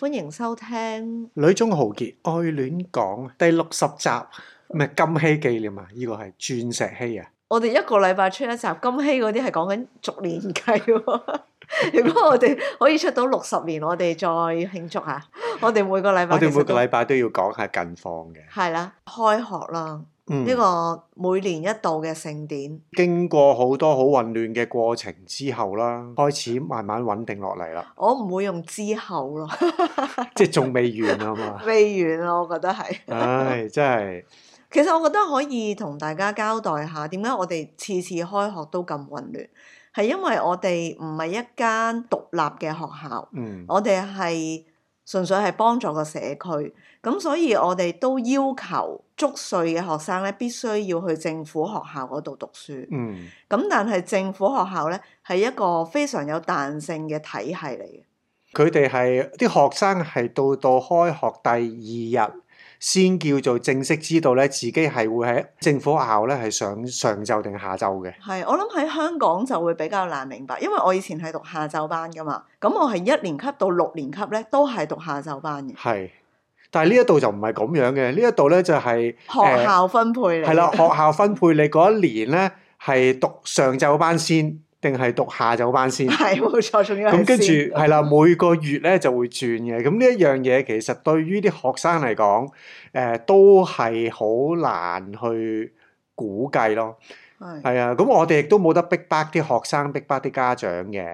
歡迎收聽《女中豪傑愛戀講》第六十集，咩金禧紀念啊！依個係鑽石禧啊！我哋一個禮拜出一集，金禧嗰啲係講緊逐年計。如果我哋可以出到六十年，我哋再慶祝吓。我哋每個禮拜，我哋每個禮拜都要講下近況嘅。係啦，開學啦。呢、嗯、個每年一度嘅盛典，經過好多好混亂嘅過程之後啦，開始慢慢穩定落嚟啦。我唔會用之後咯， 即係仲未完啊嘛，未完咯，我覺得係。唉 哎，真係。其實我覺得可以同大家交代下點解我哋次次開學都咁混亂，係因為我哋唔係一間獨立嘅學校。嗯，我哋係純粹係幫助個社區，咁所以我哋都要求，足歲嘅學生咧，必須要去政府學校嗰度讀書。嗯，咁但係政府學校咧係一個非常有彈性嘅體系嚟嘅。佢哋係啲學生係到到開學第二日先叫做正式知道咧自己係會喺政府學校咧係上上晝定下晝嘅。係，我諗喺香港就會比較難明白，因為我以前係讀下晝班㗎嘛。咁我係一年級到六年級咧都係讀下晝班嘅。係。但係呢一度就唔係咁樣嘅，呢一度咧就係學校分配嚟。係啦，學校分配你嗰一年咧係讀上晝班先，定係讀下晝班先？係冇錯，仲有，咁跟住係啦，每個月咧就會轉嘅。咁呢一樣嘢其實對於啲學生嚟講，誒都係好難去估計咯。係係啊，咁我哋亦都冇得逼巴啲學生，逼巴啲家長嘅。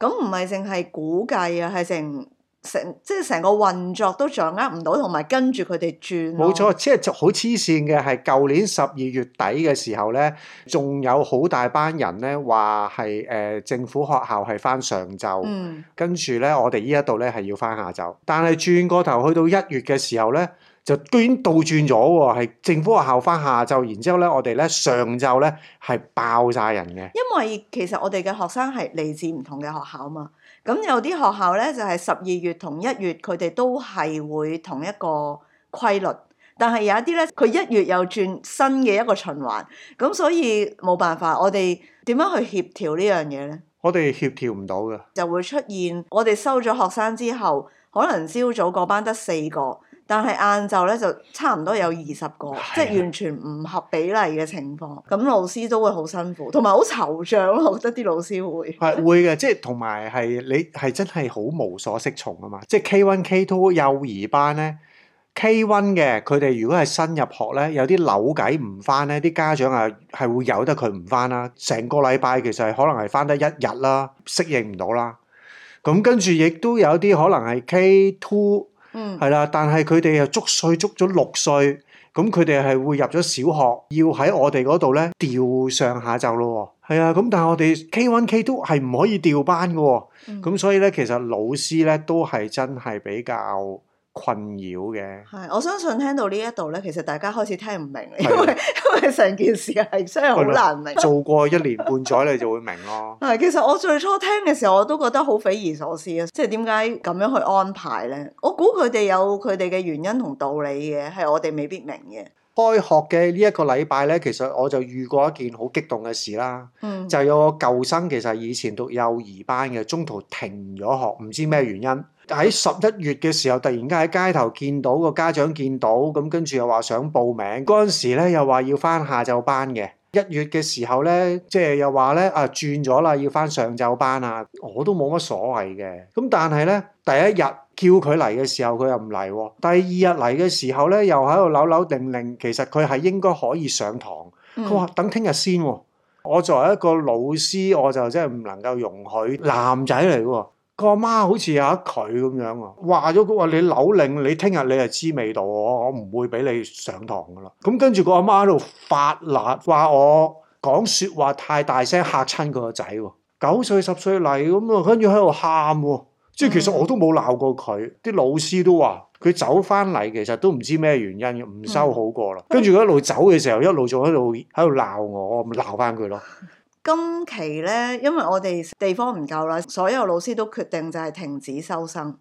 咁唔係淨係估計啊，係成。成即係成個運作都掌握唔到，同埋跟住佢哋轉。冇錯，即係好黐線嘅係舊年十二月底嘅時候咧，仲有好大班人咧話係誒政府學校係翻上晝，跟住咧我哋呢一度咧係要翻下晝，但係轉過頭去到一月嘅時候咧，就居然倒轉咗喎，係政府學校翻下晝，然之後咧我哋咧上晝咧係爆晒人嘅。因為其實我哋嘅學生係嚟自唔同嘅學校啊嘛。咁有啲學校咧，就係十二月同一月，佢哋都係會同一個規律。但係有一啲咧，佢一月又轉新嘅一個循環。咁所以冇辦法，我哋點樣去協調呢樣嘢咧？我哋協調唔到嘅，就會出現我哋收咗學生之後，可能朝早嗰班得四個。但係晏晝咧就差唔多有二十個，的即係完全唔合比例嘅情況。咁的老師都會好辛苦，同埋好惆悵咯。我覺得啲老師會係會嘅的， 即係同埋係你係真係好無所適從啊嘛！即係 K one、K two 幼兒班咧，K one 嘅佢哋如果係新入學咧，有啲扭計唔翻咧，啲家長啊係會由得佢唔翻啦。成個禮拜其實係可能係翻得一日啦，適應唔到啦。咁跟住亦都有啲可能係 K two。嗯，係啦，但係佢哋又足歲足咗六歲，咁佢哋係會入咗小學，要喺我哋嗰度咧調上下晝咯、哦。係啊，咁但係我哋 K1K 都係唔可以調班嘅、哦，咁、嗯、所以咧其實老師咧都係真係比較。困擾嘅，係我相信聽到呢一度咧，其實大家開始聽唔明，因為的因為成件事係真係好難明。做過一年半載你就會明咯。係， 其實我最初聽嘅時候我都覺得好匪夷所思啊！即係點解咁樣去安排咧？我估佢哋有佢哋嘅原因同道理嘅，係我哋未必明嘅。開學嘅呢一個禮拜咧，其實我就遇過一件好激動嘅事啦。嗯，就有個舊生，其實以前讀幼兒班嘅，中途停咗學，唔知咩原因。嗯喺十一月嘅時候，突然間喺街頭見到個家長見到咁，跟住又話想報名。嗰陣時咧，又話要返下晝班嘅。一月嘅時候咧，即係又話咧啊轉咗啦，要返上晝班啦。我都冇乜所謂嘅。咁但係咧，第一日叫佢嚟嘅時候，佢又唔嚟喎。第二日嚟嘅時候咧，又喺度扭扭擰擰。其實佢係應該可以上堂。佢話、嗯、等聽日先、哦。我作為一個老師，我就真係唔能夠容許男仔嚟喎。個阿媽好似有一佢咁樣啊，話咗佢話你扭領，你聽日你係知味道，我我唔會俾你上堂噶啦。咁跟住個阿媽喺度發辣，話我講説話太大聲嚇親佢個仔喎。九歲十歲嚟咁啊，跟住喺度喊喎。即係其實我都冇鬧過佢，啲、嗯、老師都話佢走翻嚟，其實都唔知咩原因唔收好過啦。嗯、跟住佢一路走嘅時候，一路仲喺度喺度鬧我，我咪鬧翻佢咯。今期咧，因為我哋地方唔夠啦，所有老師都決定就係停止收生。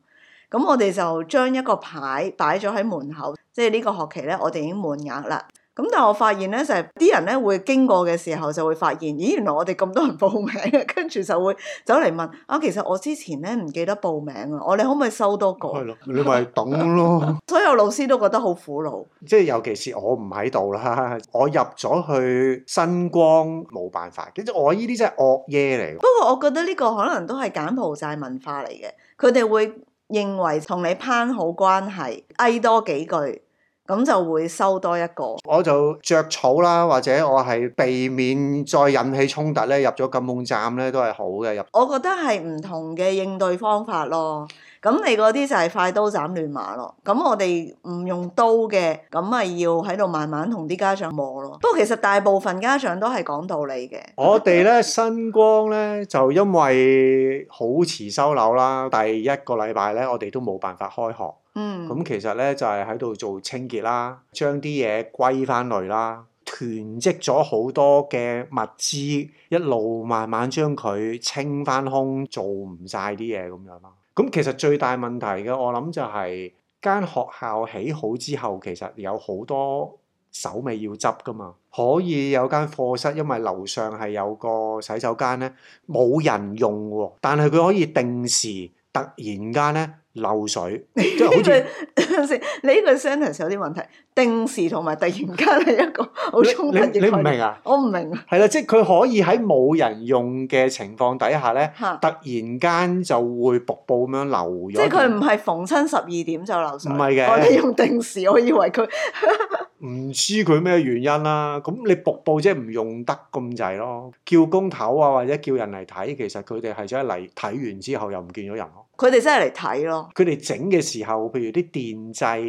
咁我哋就將一個牌擺咗喺門口，即係呢個學期咧，我哋已經滿額啦。咁但係我發現咧，就係、是、啲人咧會經過嘅時候就會發現，咦，原來我哋咁多人報名，跟住就會走嚟問啊，其實我之前咧唔記得報名啊，我哋可唔可以收多個？係咯，你咪等咯。 所有老師都覺得好苦惱。即係尤其是我唔喺度啦，我入咗去新光冇辦法，跟住我呢啲真係惡嘢嚟。不過我覺得呢個可能都係柬埔寨文化嚟嘅，佢哋會認為同你攀好關係，嗌多幾句。咁就會收多一個。我就着草啦，或者我係避免再引起衝突咧，入咗禁蒙站咧都係好嘅入。我覺得係唔同嘅應對方法咯。咁你嗰啲就係快刀斬亂麻咯。咁我哋唔用刀嘅，咁咪要喺度慢慢同啲家長磨咯。不過其實大部分家長都係講道理嘅。我哋咧吧新光咧就因為好遲收樓啦，第一個禮拜咧我哋都冇辦法開學。嗯，咁其實咧就係喺度做清潔啦，將啲嘢歸翻類啦，囤積咗好多嘅物資，一路慢慢將佢清翻空，做唔晒啲嘢咁樣咯。咁其實最大問題嘅、就是，我諗就係間學校起好之後，其實有好多手尾要執噶嘛。可以有間課室，因為樓上係有個洗手間咧，冇人用喎，但係佢可以定時。突然間咧漏水，即係好似 你呢個 s e n t e n c e 有啲問題。定時同埋突然間係一個好衝突嘅。你你唔明啊？我唔明。係啦，即係佢可以喺冇人用嘅情況底下咧， 突然間就會瀑布咁樣流咗。即係佢唔係逢親十二點就流水。唔係嘅，我哋、哦、用定時，我以為佢唔 知佢咩原因啦、啊。咁你瀑布即係唔用得咁滯咯。叫工頭啊，或者叫人嚟睇，其實佢哋係真係嚟睇完之後又唔見咗人。佢哋真係嚟睇咯。佢哋整嘅時候，譬如啲電掣，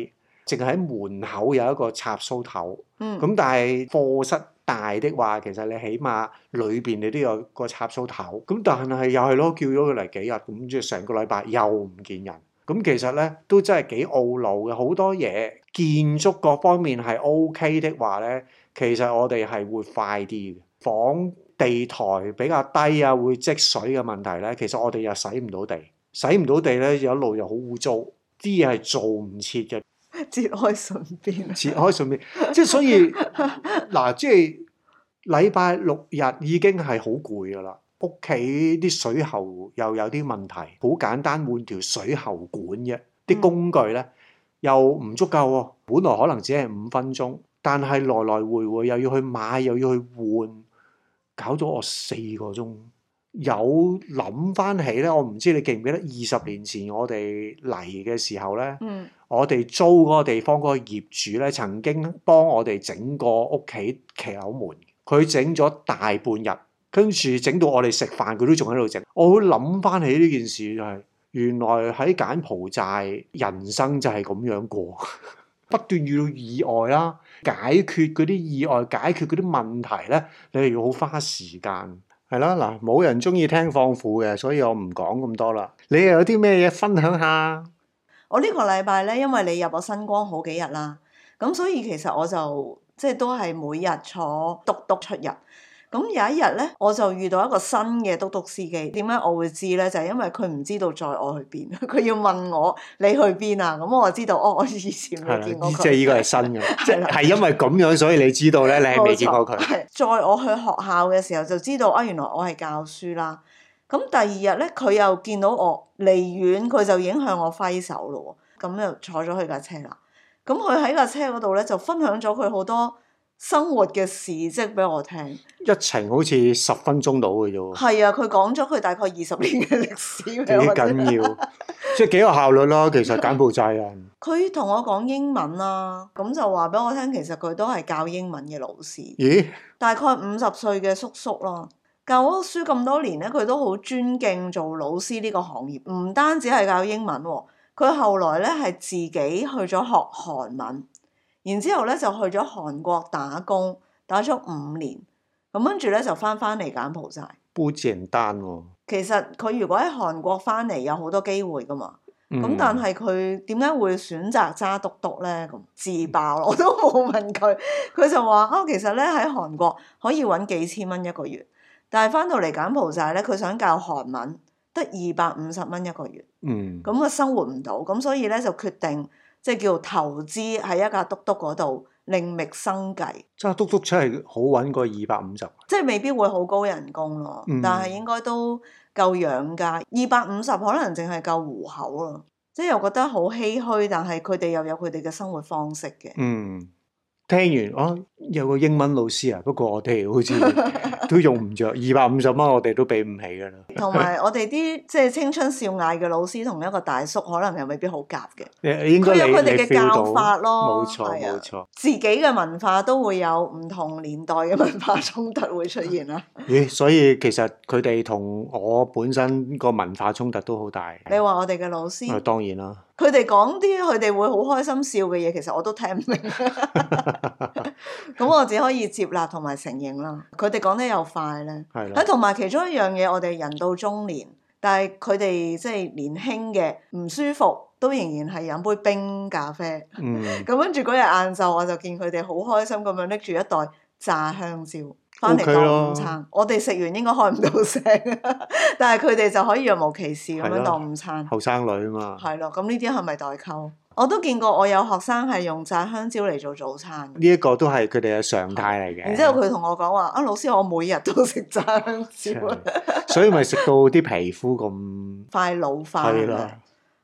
淨係喺門口有一個插蘇頭。嗯。咁但係課室大的話，其實你起碼裏邊你都有個插蘇頭。咁但係又係咯，叫咗佢嚟幾日，咁即係成個禮拜又唔見人。咁其實咧都真係幾懊惱嘅。好多嘢建築各方面係 O K 嘅話咧，其實我哋係會快啲嘅。房地台比較低啊，會積水嘅問題咧，其實我哋又洗唔到地。洗唔到地咧，有一路又好污糟，啲嘢係做唔切嘅。切開順便。切開順便， 即係所以嗱，即係禮拜六日已經係好攰㗎啦。屋企啲水喉又有啲問題，好簡單，換條水喉管啫。啲、嗯、工具咧又唔足夠，本來可能只係五分鐘，但係來來回回又要去買，又要去換，搞咗我四個鐘。有諗翻起咧，我唔知你記唔記得二十年前我哋嚟嘅時候咧，嗯、我哋租嗰個地方嗰個業主咧，曾經幫我哋整過屋企騎樓門，佢整咗大半日，跟住整到我哋食飯，佢都仲喺度整。我諗翻起呢件事就係、是，原來喺柬埔寨，人生就係咁樣過， 不斷遇到意外啦，解決嗰啲意外，解決嗰啲問題咧，你係要好花時間。係咯，嗱，冇人中意聽放負嘅，所以我唔講咁多啦。你又有啲咩嘢分享下？我呢個禮拜咧，因為你入咗新光好幾日啦，咁所以其實我就即係都係每坐獨獨日坐督篤出入。咁有一日咧，我就遇到一個新嘅嘟嘟司機。點解我會知咧？就係、是、因為佢唔知道載我去邊，佢要問我你去邊啊？咁我就知道，哦，我以前未見過佢。即係依個係新嘅，即係係 的因為咁樣，所以你知道咧，你係未見過佢。載我去學校嘅時候，就知道啊，原來我係教書啦。咁第二日咧，佢又見到我離遠，佢就已經向我揮手咯。咁又坐咗佢架車啦。咁佢喺架車嗰度咧，就分享咗佢好多。生活嘅事跡俾我聽。一程好似十分鐘到嘅啫喎。係啊，佢講咗佢大概二十年嘅歷史。幾緊要， 即係幾有效率啦。其實柬埔寨人。佢同 我講英文啦、啊，咁就話俾我聽，其實佢都係教英文嘅老師。咦？大概五十歲嘅叔叔咯，教咗書咁多年咧，佢都好尊敬做老師呢個行業。唔單止係教英文、啊，佢後來咧係自己去咗學韓文。然之後咧就去咗韓國打工，打咗五年，咁跟住咧就翻翻嚟柬埔寨。不簡單喎、哦。其實佢如果喺韓國翻嚟有好多機會噶嘛，咁、嗯、但係佢點解會選擇揸嘟嘟咧？咁自爆我都冇問佢，佢 就話哦，其實咧喺韓國可以揾幾千蚊一個月，但係翻到嚟柬埔寨呢，咧，佢想教韓文，得二百五十蚊一個月。嗯。咁啊生活唔到，咁所以咧就決定。即係叫投資喺一架篤篤嗰度另覓生計。 即係篤篤真係好揾過二百五十。即係未必會好高人工咯、啊，嗯、但係應該都夠養家。二百五十可能淨係夠糊口咯、啊。即係又覺得好唏噓，但係佢哋又有佢哋嘅生活方式嘅。嗯。聽完啊、哦，有個英文老師啊，不過我哋好似都用唔着，二百五十蚊我哋都俾唔起㗎啦。同埋我哋啲 即係青春少艾嘅老師，同一個大叔，可能又未必好夾嘅。佢有佢哋嘅教法咯，冇錯冇錯。啊、錯自己嘅文化都會有唔同年代嘅文化衝突會出現啦、啊。咦、 欸？所以其實佢哋同我本身個文化衝突都好大。你話我哋嘅老師？啊、嗯，當然啦。佢哋講啲佢哋會好開心笑嘅嘢，其實我都聽唔明。咁 我只可以接納同埋承認啦。佢哋講得又快咧，係啊。同埋其中一樣嘢，我哋人到中年，但係佢哋即係年輕嘅唔舒服，都仍然係飲杯冰咖啡。嗯。咁跟住嗰日晏晝，我就見佢哋好開心咁樣拎住一袋炸香蕉，翻嚟當午餐，okay、了我哋食完應該開唔到聲， 但係佢哋就可以若無其事咁樣當午餐。後生女啊嘛，係咯，咁呢啲係咪代溝？我都見過，我有學生係用炸香蕉嚟做早餐。呢一個都係佢哋嘅常態嚟嘅。然之後佢同我講話：啊老師，我每日都食炸香蕉，所以咪食到啲皮膚咁 快老化。啦的，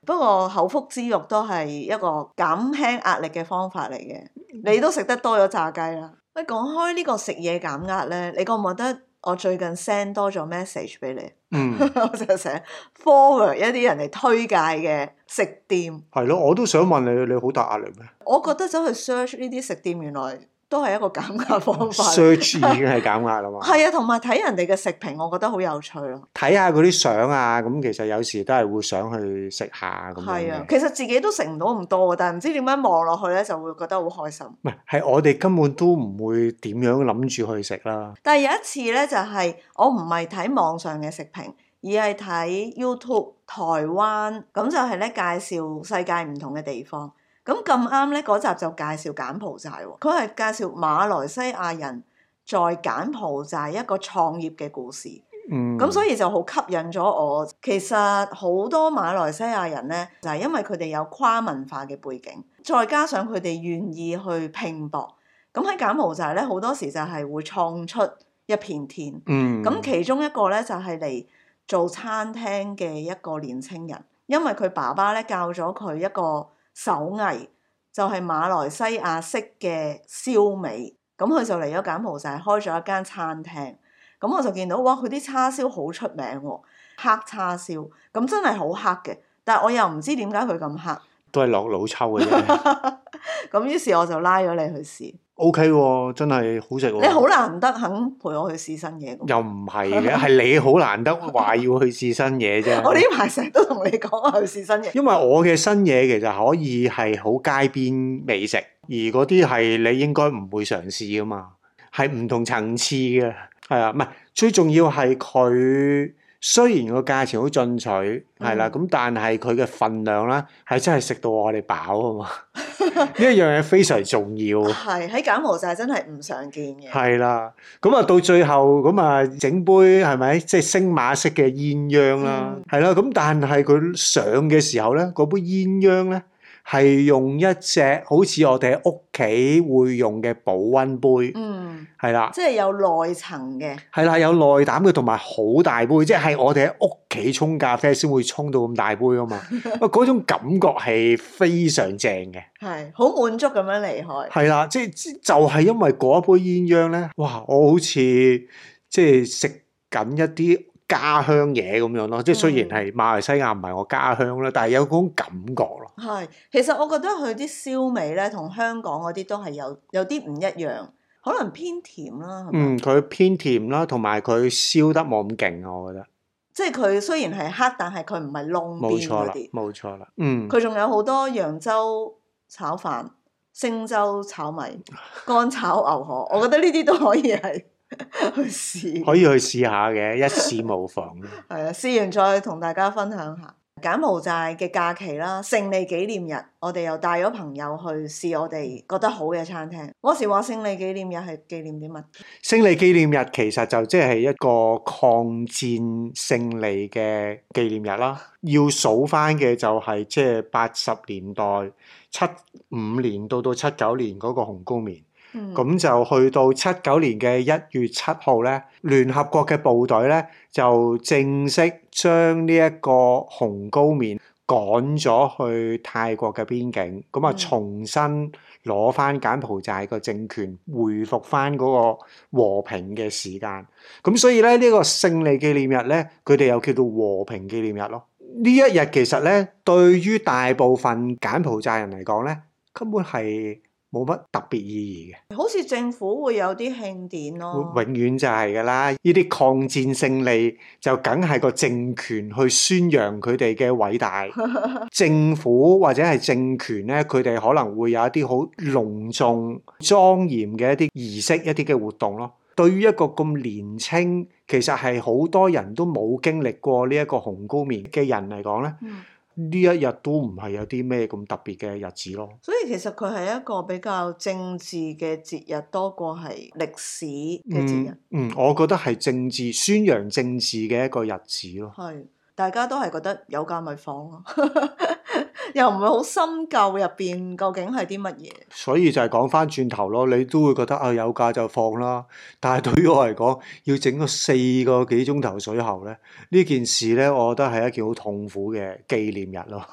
不過口腹之慾都係一個減輕壓力嘅方法嚟嘅。你都食得多咗炸雞啦。喂，講開呢個食嘢減壓咧，你覺唔覺得我最近 send 多咗 message 俾你？嗯， 我就成日 forward 一啲人嚟推介嘅食店。係咯，我都想問你，你好大壓力咩？我覺得走去 search 呢啲食店，原來，都係一個減壓方法，Search ing 已經係減壓啦嘛。係啊， 同埋睇人哋嘅食評，我覺得好有趣咯。睇下嗰啲相啊，咁其實有時都係會想去食下咁樣。係啊，其實自己都食唔到咁多，但係唔知點解望落去咧就會覺得好開心。唔係，係我哋根本都唔會點樣諗住去食啦。但係有一次咧，就係、係、我唔係睇網上嘅食評，而係睇 YouTube 台灣，咁就係咧介紹世界唔同嘅地方。咁咁啱咧，嗰集就介紹柬埔寨喎、哦。佢係介紹馬來西亞人在柬埔寨一個創業嘅故事。咁、嗯、所以就好吸引咗我。其實好多馬來西亞人咧，就係、是、因為佢哋有跨文化嘅背景，再加上佢哋願意去拼搏。咁喺柬埔寨咧，好多時就係會創出一片天。咁、嗯、其中一個咧就係、是、嚟做餐廳嘅一個年輕人，因為佢爸爸咧教咗佢一個。手藝就係、是、馬來西亞式嘅燒味，咁佢就嚟咗柬埔寨開咗一間餐廳，咁我就見到哇，佢啲叉燒好出名喎、哦，黑叉燒，咁真係好黑嘅，但係我又唔知點解佢咁黑，都係落老抽嘅啫。咁於是我就拉咗你去試。O、okay、K、哦、真係好食喎、哦！你好難得肯陪我去試新嘢。又唔係嘅，係 你好難得話要去試新嘢啫。 我呢排成日都同你講去試新嘢。因為我嘅新嘢其實可以係好街邊美食，而嗰啲係你應該唔會嘗試㗎嘛，係唔同層次嘅。係啊，唔係，最重要係佢，雖然個價錢好進取，係啦，咁、嗯、但係佢嘅份量啦係真係食到我哋飽啊嘛～呢一樣嘢非常重要，係喺 柬埔寨真係唔常見嘅。係啦，咁啊到最後咁啊整杯係咪即係星馬式嘅鴛鴦啦？係啦， 咁但係佢上嘅時候咧，嗰杯鴛鴦咧。係用一隻好似我哋喺屋企會用嘅保溫杯，係啦、嗯，了即係有內層嘅，係啦，有內膽嘅，同埋好大杯，即係我哋喺屋企沖咖啡先會沖到咁大杯啊嘛，嗰 種感覺係非常正嘅，係好滿足咁樣離開。係啦，即係就係、係就係、因為嗰一杯鴛鴦咧，哇！我好似即係食緊一啲家鄉嘢咁樣咯，即係、嗯、雖然係馬來西亞唔係我家鄉啦，但係有嗰種感覺咯。係，其實我覺得佢啲燒味咧，同香港嗰啲都係有有啲唔一樣，可能偏甜啦。嗯，佢偏甜啦，同埋佢燒得冇咁勁啊，我覺得。即係佢雖然係黑，但係佢唔係燶邊啲。冇錯啦，冇錯啦，嗯。佢仲有好多揚州炒飯、星洲炒米、乾炒牛河，我覺得呢啲都可以係去試。可以去試下嘅，一試無妨。係啊， 試完再同大家分享下。柬埔寨嘅假期啦，勝利紀念日，我哋又帶咗朋友去試我哋覺得好嘅餐廳。嗰時話勝利紀念日係紀念啲乜？勝利紀念日其實就即係一個抗戰勝利嘅紀念日啦。要數返嘅就係即係八十年代，七五年到到七九年嗰個紅高棉。咁就去到七九年嘅一月七號咧，聯合國嘅部隊咧就正式將呢一個紅高棉趕咗去泰國嘅邊境，咁啊重新攞翻柬埔寨個政權，回復翻嗰個和平嘅時間。咁所以咧呢個勝利紀念日咧，佢哋又叫做和平紀念日咯。呢一日其實咧，對於大部分柬埔寨人嚟講咧，根本係冇乜特別意義嘅，好似政府會有啲慶典咯，永遠就係㗎啦，呢啲抗戰勝利就梗係個政權去宣揚佢哋嘅偉大， 政府或者係政權咧，佢哋可能會有一啲好隆重莊嚴嘅一啲儀式、一啲嘅活動咯。對於一個咁年輕，其實係好多人都冇經歷過呢一個紅高棉嘅人嚟講咧。嗯呢一日都唔係有啲咩咁特別嘅日子咯。所以其實佢係一個比較政治嘅節，節日，多過係歷史嘅節日。嗯，我覺得係政治、宣揚政治嘅一個日子咯。係，大家都係覺得有假咪放咯。 又唔會好深究入邊究竟係啲乜嘢，所以就係講翻轉頭咯，你都會覺得啊有假就放啦。但係對於我嚟講，要整個四個幾鐘頭水喉咧，呢件事咧，我覺得係一件好痛苦嘅紀念日咯。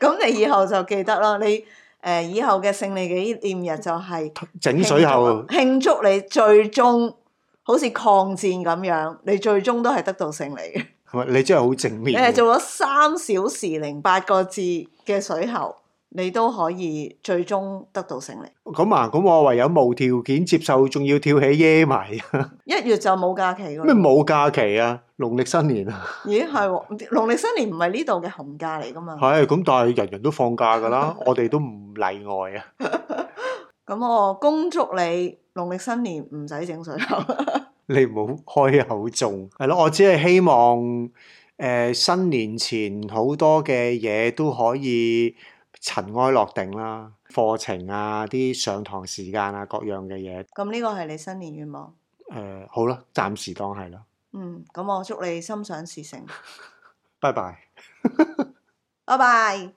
咁 你以後就記得咯，你誒、呃、以後嘅勝利紀念日就係整水喉慶祝，你最終好似抗戰咁樣，你最終都係得到勝利嘅。係咪？你真係好正面。你係做咗三小時零八個字嘅水喉，你都可以最終得到勝利。咁啊，咁我唯有無條件接受，仲要跳起耶埋啊！一月就冇假期㗎咩？冇假期啊！農曆新年啊！咦，係喎！農曆新年唔係呢度嘅紅假嚟㗎嘛？係，咁但係人人都放假㗎啦，我哋都唔例外啊。咁我恭祝你農曆新年唔使整水喉。你唔好開口中，係咯？我只係希望，誒、呃，新年前好多嘅嘢都可以塵埃落定啦，課程啊，啲上堂時間啊，各樣嘅嘢。咁呢個係你新年願望？誒、呃，好啦，暫時當係咯。嗯，咁我祝你心想事成。拜拜，拜拜。